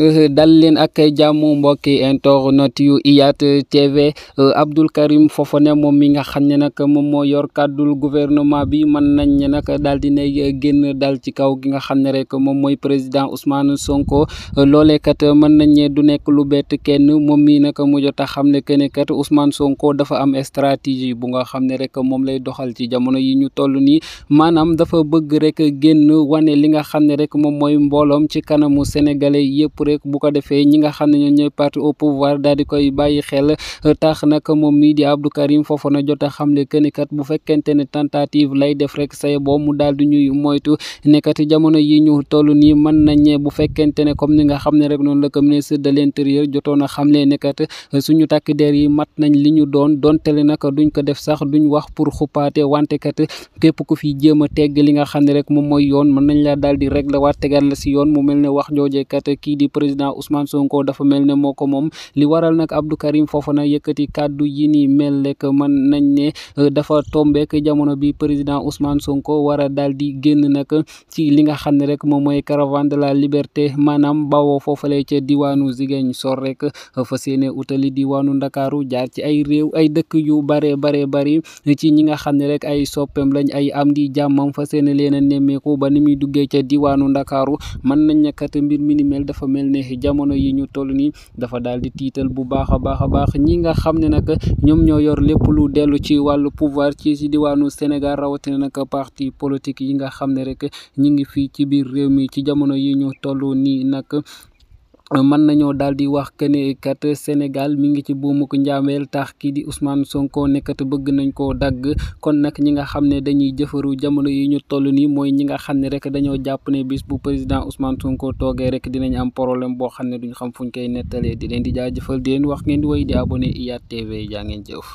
Euh, dal leen ak jàmm mbokki internet yu IYAT TV euh, Abdou Karim Fofana moom mi nga xam ne nag moom moo yor kàddul gouvernement bi man nañ ne nag daal di nay génn dal ci kaw gi nga xam ne rek moom mooy président Ousmane Sonko euh, loolekat kat mën nañ ne du nekk lu bett kenn moom mii nag mu jot a xam ne que ne kat Ousmane Sonko dafa am stratégie bu nga xam ne rek moom lay doxal ci jamono yi ñu toll nii maanaam dafa bëgg rek génn wane li nga xam ne rek moom mooy mbooloom ci kanamu sénégalais yëpp. Touré bu ko defee ñi nga xam ne ñoom ñooy parti au pouvoir daal di koy bàyyi xel tax nag moom mii di Karim Fofana jot a xamle que ni kat bu fekkente ne tentative lay def rek say boo mu daal di ñuy moytu nekkati jamono yi ñu toll nii mën nañ bu fekkente ne comme ni nga xam ne rek noonu la ko ministre de l'intérieur jotoon a xamle nekkat suñu takk der yi mat nañ li ñu doon doontele nag duñ ko def sax duñ wax pour xupaate wante kat képp ku fi jéem li nga xam ne rek moom mooy yoon mën président Ousmane Sonko dafa mel ne moo ko moom li waral nag Abdou Karim Fofana yëkkati kàddu yi ni mel lekk man nañ ne euh, dafa tombeek jamono bi président Ousmane Sonko war a dal di génn nag ci li nga xam ne rek moom mooy caravane de la liberté maanaam bawoo foofale ca diwaanu Ziguinchor rek euh, fa seene utali diwaanu Ndakaaru jaar ci ay réew ay dëkk yu bare bare bari ci ñi nga xam ne rek ay soppem lañ ay am di jàmmam fa seene leen a ba ni muy duggee ca diwaanu Ndakaaru mel ne jamono yi ñu toll nii dafa daal di tiital bu baax a baax a baax ñi nga xam ne nag ñoom ñoo yor lépp lu dellu ci wàllu pouvoir ci si diwaanu Sénégal rawatina nag parti politique yi nga xam ne rek ñi ngi fii ci biir réew mi ci jamono yi ñu toll nii nag mën nañoo daal di wax que ne kat Sénégal mi ngi ci buumuk njaameel tax kii di Ousmane Sonko ne bëgg nañ koo dagg kon nag ñi nga xam ne dañuy jëfaru jamono yi ñu toll nii mooy ñi nga xam ne rek dañoo jàpp ne bis bu président Ousmane Sonko toogee rek dinañ am problème boo xam ne duñ xam fuñ koy nettalee di leen di jaajëfal di leen wax ngeen di woy di abonné IYAT TV jaa ngeen jëf.